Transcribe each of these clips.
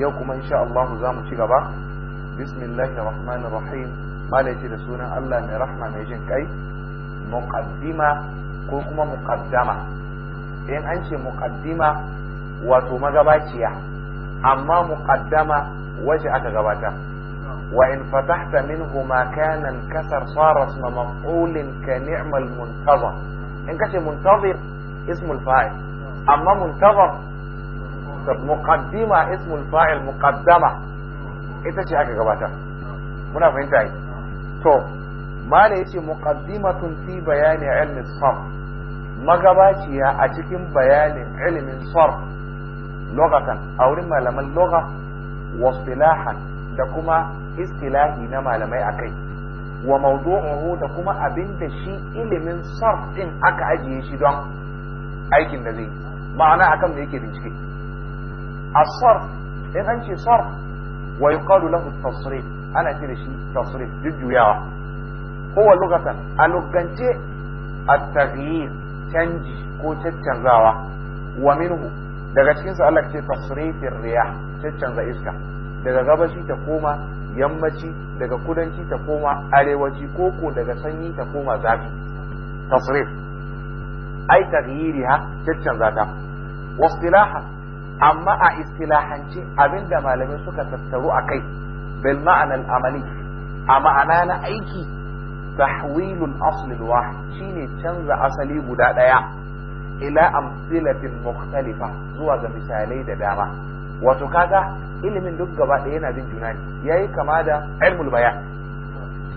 yau kuma insha Allahu za mu ci gaba bismillahir rahmanir rahim malai da sunan Allah mai rahma mai jin kai muqaddima ko kuma muqaddama in an ce muqaddima wato magabaciya amma muqaddama waje aka gabata wa in fatahta minhu ma kana kasar sara isma maf'ulin ka ni'mal muntazir in kace muntazir ismul fa'il amma muntazir masa muqaddima ismul fa'il muqaddama ita ce aka gabata, muna fahimta yi to mala yace muqaddimatun fi bayani ilmi sarf magabaciya a cikin bayanin ilimin sarf logatan a wurin malaman loga wasilahan da kuma istilahi na malamai akai wa mawdu'uhu da kuma abinda shi ilimin sarf din aka ajiye shi don aikin da zai ma'ana akan da yake bincike A sarf in an ce sarf wa yuqalu ana fi da shi tasrif jujjuyawa huwa lugatan a lugance at-taghyir canji ko caccanzawa wa minhu daga cikin sa Allah ce tasrifir riyah caccanza iska daga gabashi ta koma yammaci daga kudanci ta koma arewaci koko daga sanyi ta koma zafi tasrif ai taghyiriha caccanza ta واصطلاحا amma a istilahance abinda malamai suka tattaru a kai bil ma'ana al amali a ma'ana na aiki tahwilul aslil wahid shine canza asali guda daya ila amsilatin mukhtalifa zuwa ga misalai da dama wato kaga ilimin duk gaba ɗaya yana bin juna ne yayi kama da ilmul bayan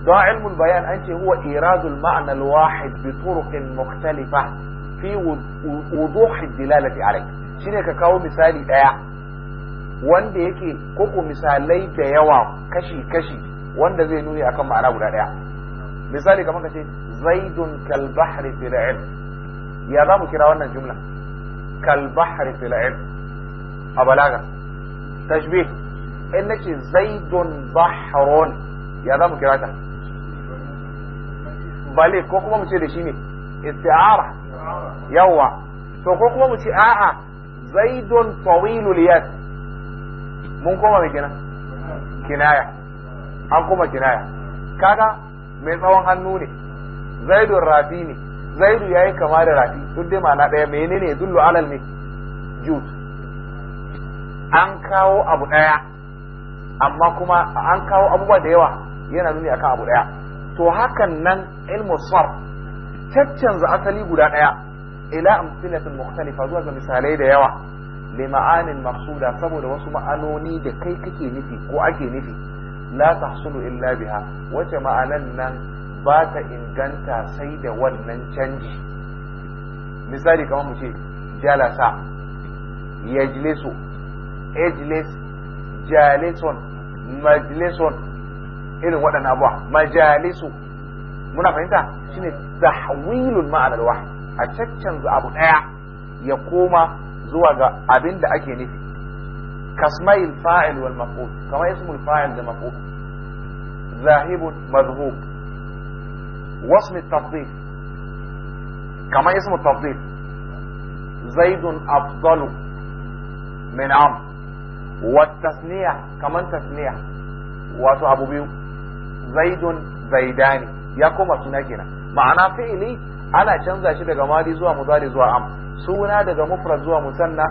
don ilmul bayan an ce huwa iradul al wahid bi turuqin mukhtalifa fi wuduhi dilalati alayhi shine ka kawo misali daya wanda yake koko misalai da yawa kashi-kashi wanda zai nuni akan ma'ana guda daya misali kamar kace zaidun kal bahri fil ilm ya za mu kira wannan jumla kal bahri fil ilm a balaga tashbih in nace zaidun bahrun ya za mu kira ta bale ko kuma mu ce da shi ne isti'ara yawa to ko kuma mu ce a'a zaidun tawilul yad mun koma mai kenan kinaya an koma kinaya kaga mai tsawon hannu ne zaidun rafi ne zaidu yayi kama da rafi duk dai ɗaya. daya menene dullu alal ne Jut. an kawo abu daya amma kuma an kawo abubuwa da yawa yana nuni akan abu daya to hakan nan ilmu sarf caccanza asali guda daya ila amsilatin mukhtalifa zuwa ga misalai da yawa li ma'anin maqsuda saboda wasu ma'anoni da kai kake nufi ko ake nufi la tahsulu illa biha wace ma'anan nan ba ta inganta sai da wannan canji misali kamar mu ce jalasa yajlisu ijlis jalisun majlisun irin waɗannan abuwa majalisu muna fahimta shine tahwilul ma'anar wahid a caccanzu abu daya ya koma zuwa ga abin da ake nufi kasmail fa'il wal maf'ul kamar ismul fa'il da maf'ul zahibun mazhub wasmi tafdil kamar ismul tafdhil zaidun afdalu min am wa tasniya kamar tasniya wato abu biyu zaidun zaidani ya koma suna kenan ma'ana fi'ili ana canza shi daga mali zuwa muzari zuwa am suna daga mufrad zuwa musanna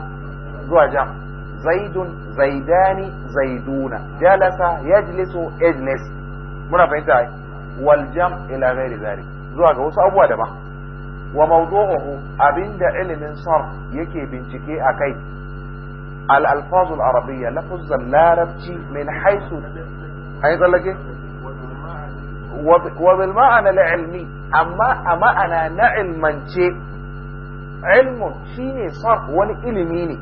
zuwa jam zaidun zaidani zaiduna jalasa yajlisu yajlis muna fahimta wal jam ila ghairi zari. zuwa ga wasu abubuwa daban wa mawdu'uhu abinda ilimin sarf yake bincike akai al alfazul arabiyya lafuzan larabci min haisu. tsallake وبالمعنى العلمي أما أما أنا نعلم شيء علم شيني صار والإلميني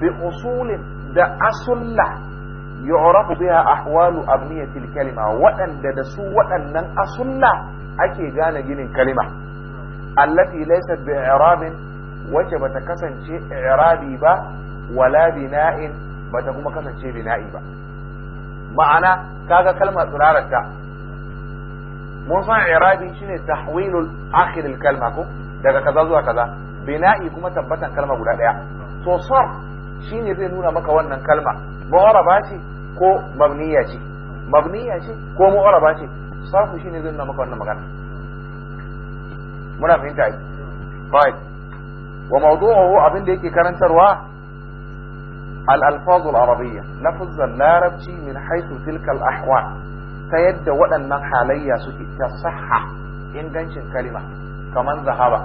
بأصول دأصل لا يعرف بها أحوال أبنية الكلمة وأن دا دسو وأن من أصل لا أكي جانا جين كلمة التي ليست بإعراب وجب تكسن شيء إعرابي با ولا بناء بتقوم كسن شيء بنائي با معنى كذا كلمة تنارك musan irabi shine tahwilul akhir kalma ko daga kaza zuwa kaza bina'i kuma tabbatan kalma guda daya to sar shine zai nuna maka wannan kalma mu'araba ce ko mabniya ce mabniya ce ko mu'araba ce sarfu shine zai nuna maka wannan magana muna fahimta ai bai wa mawdu'uhu abin da yake karantarwa al-alfaz al-arabiyya lafzan larabci min haythu tilka al-ahwal ta yadda waɗannan halayya suke ta saha ingancin kalima kamar zahaba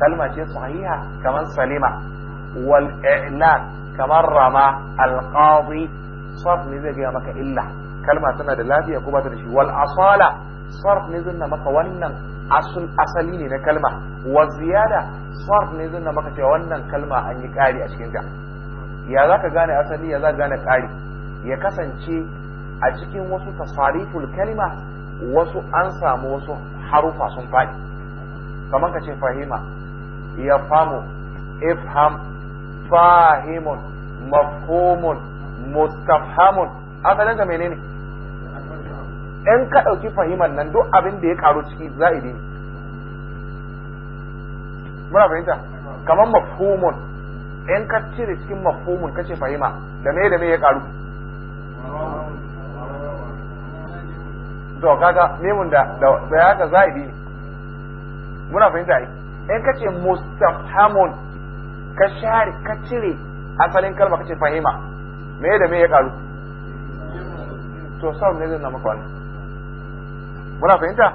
kalma ce sahiha kamar salima wal i'lan rama al qadi sarf ne zai gaya maka illa kalma tana da lafiya ko ba ta da shi wal asala sarf ne zai maka wannan asul asali ne na kalma wa ziyada sarf ne zai maka cewa wannan kalma an yi ƙari a cikin ta ya zaka gane asali ya zaka gane ƙari ya kasance a cikin wasu tasariful kalima wasu an samu wasu harufa sun faɗi kamar ka ce fahima ya famu ifham fahimun mafhumun mustafhamun asalin ka menene in ka ɗauki fahiman nan duk abin da ya karu ciki za'idi ne muna fahimta kamar mafhumun in ka cire cikin mafhumun ka ce fahima da me da me ya karu to kaga memun da da ya ga ne muna fahimta ai in ka ka share ka cire asalin kalma kace fahima me da me ya karu to sau ne zai na maka wannan muna fahimta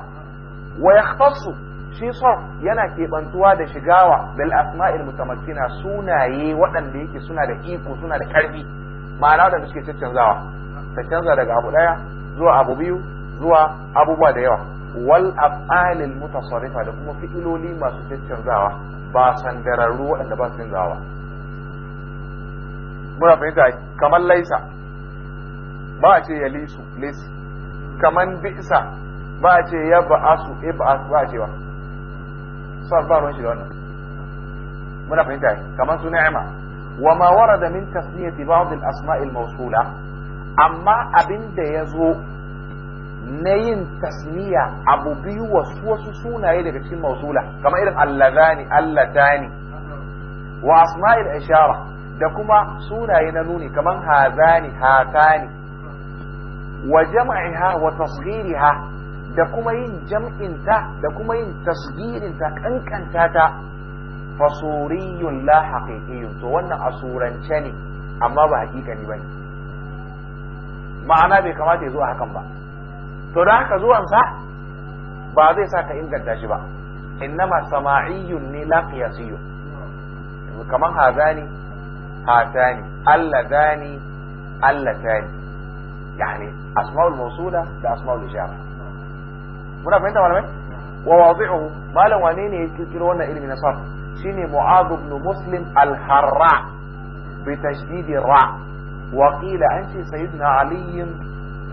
wa yakhtassu shi sau yana keɓantuwa da shigawa bil asma'il mutamakkina sunaye waɗanda yake suna da iko suna da karfi ma'ana da suke canzawa ta canza daga abu ɗaya zuwa abu biyu zuwa abubuwa da yawa wal af'alil mutasarrifa da kuma fi'iloli masu canzawa ba sangararru wanda ba san zawa muna fahimta kamar laisa ba a ce ya lisu lis kamar bi'sa ba a ce ya ba'asu iba'as ba a cewa sa ba ruwan shi da wannan muna fahimta kamar su ni'ima wa ma warada min tasniyati ba'd al asma' al mawsula amma abinda yazo na yin tasniya abu biyu wasu wasu sunaye daga cikin mausula kamar irin alladani allatani wa asma'il ishara da kuma sunaye na nuni kamar hazani hatani wa jam'iha wa tasghiriha da kuma yin ta, da kuma yin ta, kankanta ta fasuriyun la haqiqiyun to wannan asurance ne amma ba ne bane ma'ana bai kamata ya zo a hakan ba to da haka zuwan sa ba zai sa ka inganta shi ba innama sama'iyun ni la qiyasiyun kaman hazani hatani Allah Allah tani yani asma'ul mawsula da asma'ul ishara muna fahimta malamai wa wadi'uhu malam wane ne ya kirkiro wannan ilimi na sarf shine mu'adh ibn muslim al-harra bi tashdid ra وقيل qila سيدنا علي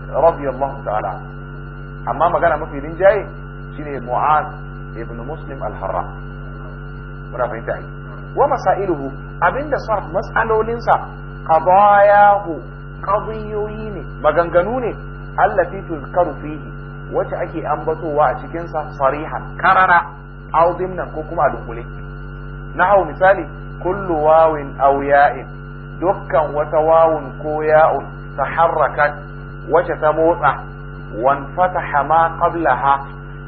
رضي الله تعالى عنه amma magana mafi rinjaye shine mu'az ibn muslim al-harra muna fahimta ai wa masailuhu abinda sarf mas'alolinsa qadayahu qadiyoyi ne maganganu ne allati tuzkaru fihi wacce ake ambatowa a cikin sa sarihan karara aw dimnan ko kuma a dunkule misali kullu wawin aw ya'in dukkan wata wawun ko ya'un taharrakat wacce ta motsa wanfataha ma qablaha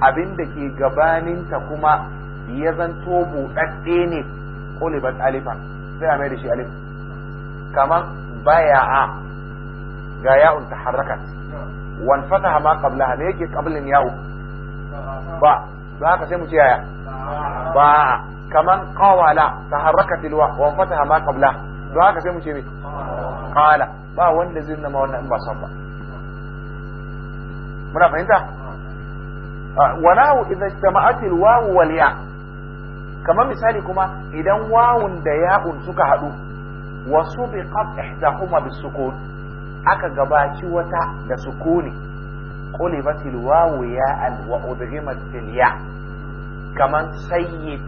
abinda ke gabaninta kuma ya zanto buɗaɗɗe ne qulibat alifan sai a mai da shi alif kamar baya'a ga ya'un taharrakat wanfataha ma qablaha me yake qablin ya'u ba za ka sai mu ce yaya ba kaman qawala taharrakat alwa wanfataha ma qablaha don ka sai mu ce me qala ba wanda zai nama wannan in ba san ba muna fahimta ah, walahu idza ijtama'at wawu wal ya kamar misali kuma idan wawun da ya'un suka hadu wa subiqat ihdahuma bisukun aka gabaci wata da sukuni qulibatil wawu ya'an wa udghimat fil ya kaman sayyid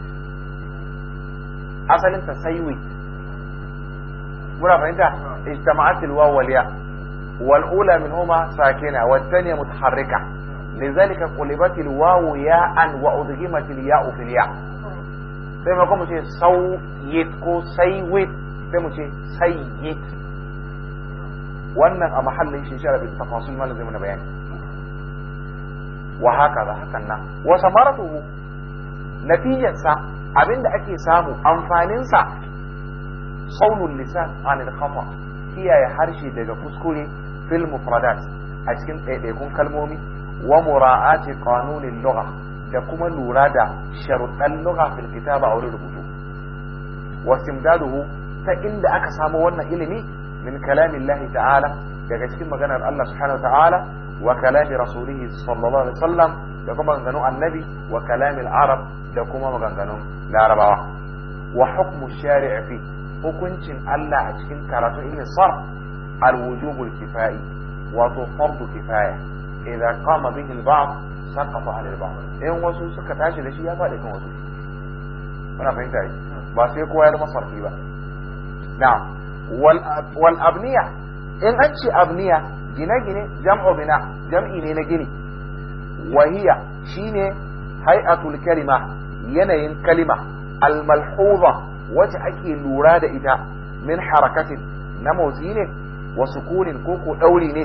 asalin ta sayyid muna fahimta ijtama'at wawu wal ya' والأولى منهما ساكنة والثانية متحركة لذلك قلبت الواو ياء وأضغمت الياء في الياء فيما يقول سويت كو سيويت فيما يقول سيويت وأن أمحل إن شاء الله بالتفاصيل ما لازم نبيان وهكذا هكذا وثمرته نتيجة سا أبين اكي سامو أنفانين سا صول اللسان عن الخطأ هي يا حرشي دقى fil mufradat a cikin ɗaiɗaikun kalmomi wa mura'ati qanunin lugha da kuma lura da sharuɗan lugha fil kitaba a wurin rubutu wa simdaduhu ta inda aka samu wannan ilimi min kalamillahi ta'ala daga cikin maganar Allah subhanahu wa ta'ala wa kalami rasulihi sallallahu alaihi wasallam da kuma maganganun annabi wa kalamil arab da kuma maganganun larabawa wa hukmu shari'a fi hukuncin Allah a cikin karatu ilmin sarf الوجوب الكفائي wato fardu kifaya idza qama bihi al-ba'd saqata 'ala al-ba'd in wasu suka tashi da shi ya faɗi kan wasu muna fahimta yi ba sai kowa ya zama sarfi ba na'am wal abniya in an ce abniya gine-gine jam'u bina jam'i ne na gini wahiya shine hay'atul kalima yanayin kalima al-malhuza wacce ake lura da ita min harakatin na motsi ne wa sukunin ko ko dauri ne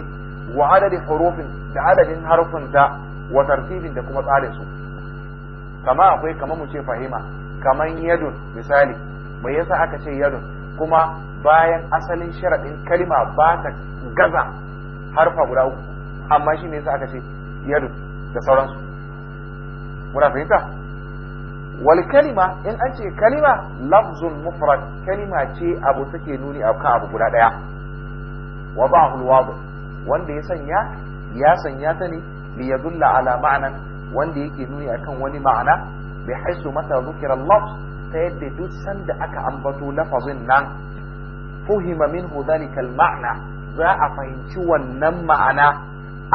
wa adadin hurufin da adadin harfunta wa tartibin da kuma tsarin su kama akwai kama mu ce fahima kama yadun misali mai yasa aka ce yadun kuma bayan asalin sharaɗin kalima ba ta gaza harfa guda uku amma shi ne yasa aka ce yadun da sauransu muna fahimta wal kalima in an ce kalima lafzun mufrad kalima ce abu take nuni akan abu guda daya wada'ahu alwadi wanda ya sanya ya sanya ta ne li yadulla ala ma'nan wanda yake nuni akan wani ma'ana bi haisu mata zukira lafz ta yadda duk sanda aka ambato lafazin nan fuhima minhu dhalika alma'na za a fahimci wannan ma'ana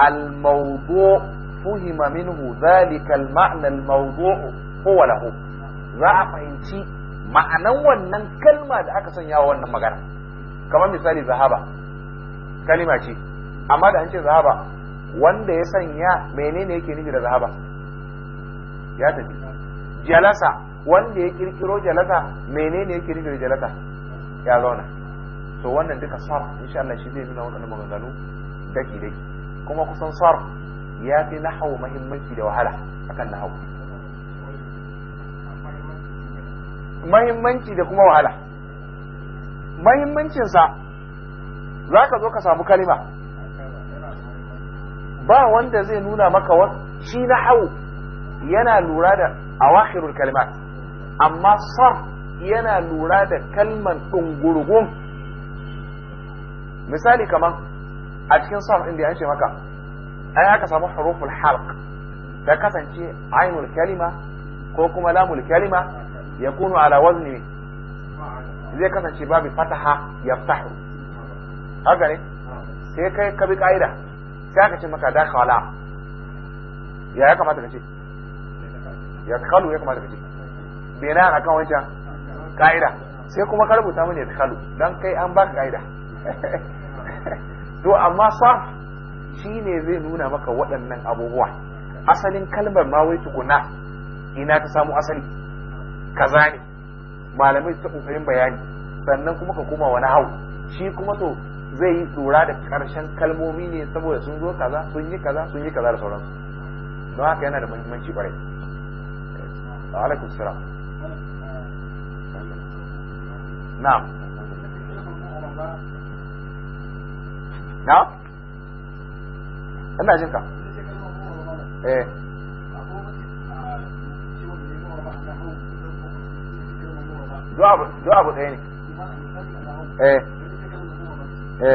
almawdu fuhima minhu dhalika alma'na almawdu huwa lahu za a fahimci ma'anan wannan kalma da aka sanya wa wannan magana kamar misali zahaba kalima ce amma da an ce zahaba wanda ya sanya menene yake nufi da zahaba ya tafi jalasa wanda ya kirkiro jalasa menene yake nufi da jalasa ya zauna so wannan duka sarf insha Allah shi zai nuna wannan maganganu daki daki kuma kusan sarf ya fi nahawu muhimmanci da wahala akan nahawu muhimmanci da kuma wahala mahimmancinsa za ka zo ka samu kalima ba wanda zai nuna maka wasu shi na hau yana lura da awakhirul kalimat amma sar yana lura da kalman ɗungurgun misali kamar a cikin sar inda ya ce maka an aka samu huruful halq ta kasance ainul kalima ko kuma lamul kalima ya kunu ala wazni zai kasance babu fataha ya yaftahu haka ne sai kai ka bi ka'ida sai aka ce maka da wala ya ya kamata ka ce ya kalu ya kamata ka ce bena na kan wancan ka'ida sai kuma ka rubuta mini ya kalu don kai an baka ka'ida to amma shi shine zai nuna maka waɗannan abubuwa asalin kalmar ma wai tukuna ina ta samu asali kaza ne malamai su ta kokarin bayani sannan kuma ka koma wani hau shi kuma to zai yi tsura da ƙarshen kalmomi ne saboda sun zo kaza sun yi kaza sun yi kaza da sauransu don haka yana da muhimmanci kwarai alaikum salam na na ina jinka eh do abu ɗaya ne eh Eh. Eh.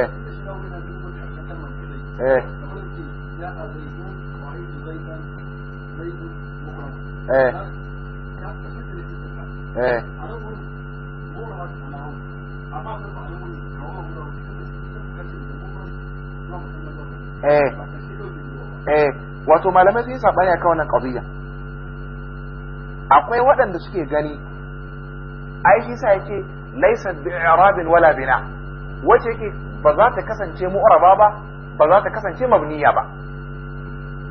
Eh. wato malamai sun yi a akan wannan qadiyya akwai waɗanda suke gani aiki sa yake laysa arabin wala bina' wacce yake ba za ta kasance mu'raba ba ba za ta kasance mabniya ba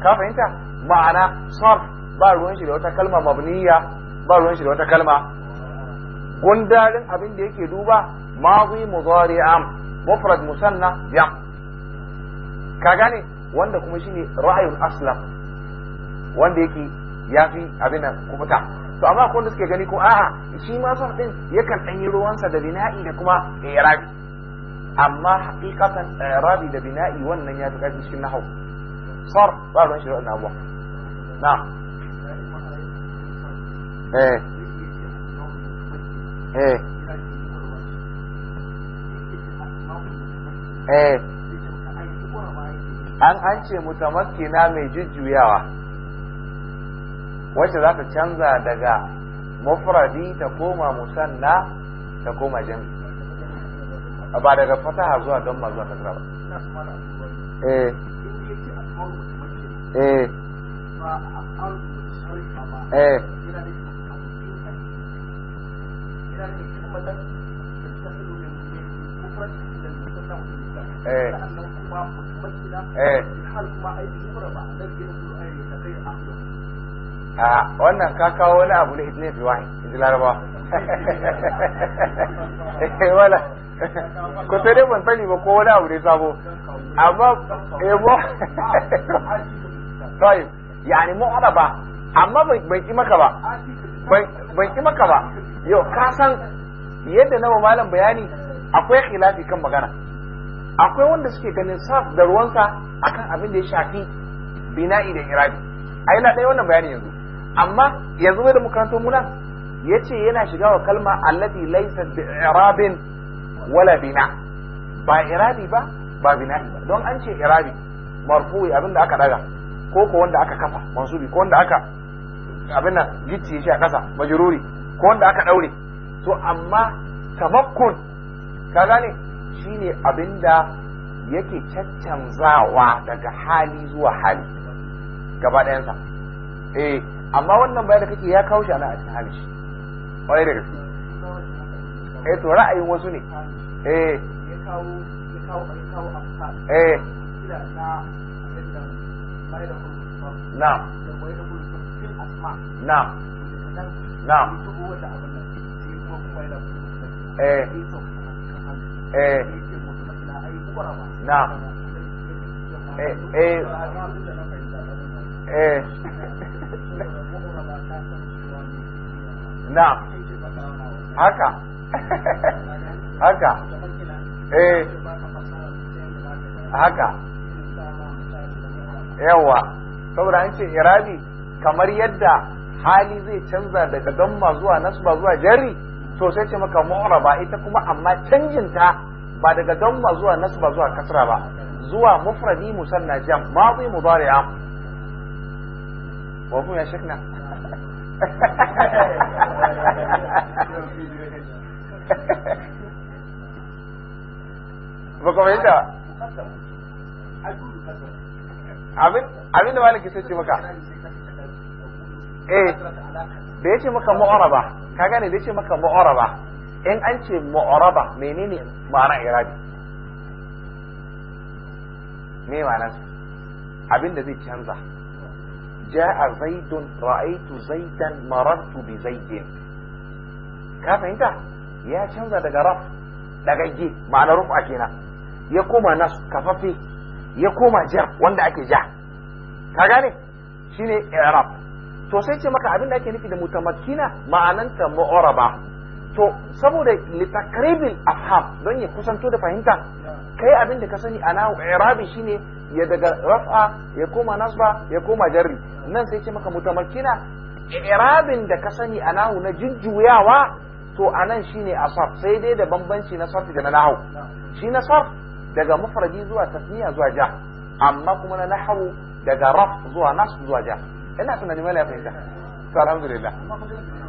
ka fahimta ma'ana sarf ba ruwan shi da wata kalma mabniya ba ruwan shi da wata kalma gundarin abin da yake duba mu mudari am mufrad musanna ya ka gane wanda kuma shine ra'ayul aslam wanda yake yafi abin nan fita. to amma akwai wanda suke gani ko a'a shi ma sarf din yakan danyi ruwansa da bina'i da kuma irabi amma hakikatan eh, rabi da bina'i wannan ya fi ƙarfi cikin nahau sar ba ruwan shi da abuwa na eh eh eh an an ce mutamakkina mai jujjuyawa wacce za ta canza daga mufradi ta koma musanna ta koma jami'i ba daga fataha zuwa don ma zuwa kasra ba eh. eh eh eh eh a wannan ka kawo wani abu ne ibn fi wahid larabawa eh, wala ko sai dai ban sani ba ko wani abu ne sabo amma ebo eh, sai yani mu'ada ba amma ban ki maka ba ban ki maka ba yau ka san yadda na malam bayani akwai khilafi kan magana akwai wanda suke ganin saf da ruwansa akan abin da ya shafi bina'i da irabi ai na ɗaya wannan bayani yanzu amma yanzu da makarantar muna yace yana shiga wa kalma allati laysa bi wala bina ba irabi ba ba bina ba don an ce irabi marfu'i abin da aka daga ko ko wanda aka kafa mansubi ko wanda aka abin nan gicciye shi a kasa majruri ko wanda aka daure to amma tamakkun ka gane shine abin da yake caccanzawa daga hali zuwa hali gaba ɗayansa eh amma wannan bayan da kake ya kawo shi ana a cikin hali shi ƙwarai da gaske eh to ra'ayin wasu ne eh ya kawo ya kawo ya kawo eh na abin mai da kuma na'am da mai da kuma asma na'am na'am abin da shi kuma kuma eh eh na'am eh eh eh na'am haka haka eh haka yawa saboda an ce irabi kamar yadda hali zai canza daga damma zuwa nasba zuwa jari to sai ce maka mu'raba ita kuma amma canjin ta ba daga damma zuwa nasba zuwa kasra ba zuwa mufradi musanna jam madi mudari'a wa mu ya shakna ba ka fahimta abin da malaki sai ce maka eh da ya ce maka mu'araba ka gane da ya ce maka mu'araba in an ce mu'araba menene ma'ana irabi me ma'ana abin da zai canza ja'a zaidun ra'aitu zaidan marartu bi zaidin ka fahimta ya canza daga raf daga ge ma'anar rufa kenan ya koma nasu kafaffe ya koma jar wanda ake ja ka gane shine i'rab to sai ce maka abin ake nufi da mutamakkina ma'ananta mu'araba to saboda litakribil afham don ya kusanto da fahimta kai abin da ka sani ana i'rabi shine ya daga raf'a ya koma nasba ya koma jarri nan sai ce maka mutamakkina i'rabin da ka sani ana na jujjuyawa to anan shine asaf sai dai da bambanci na sarfi da na nahu shi na sarf daga mufradi zuwa tasniya zuwa ja amma kuma na nahwu daga raf zuwa nasb zuwa ja ina tunanin mai ya fahimta to alhamdulillah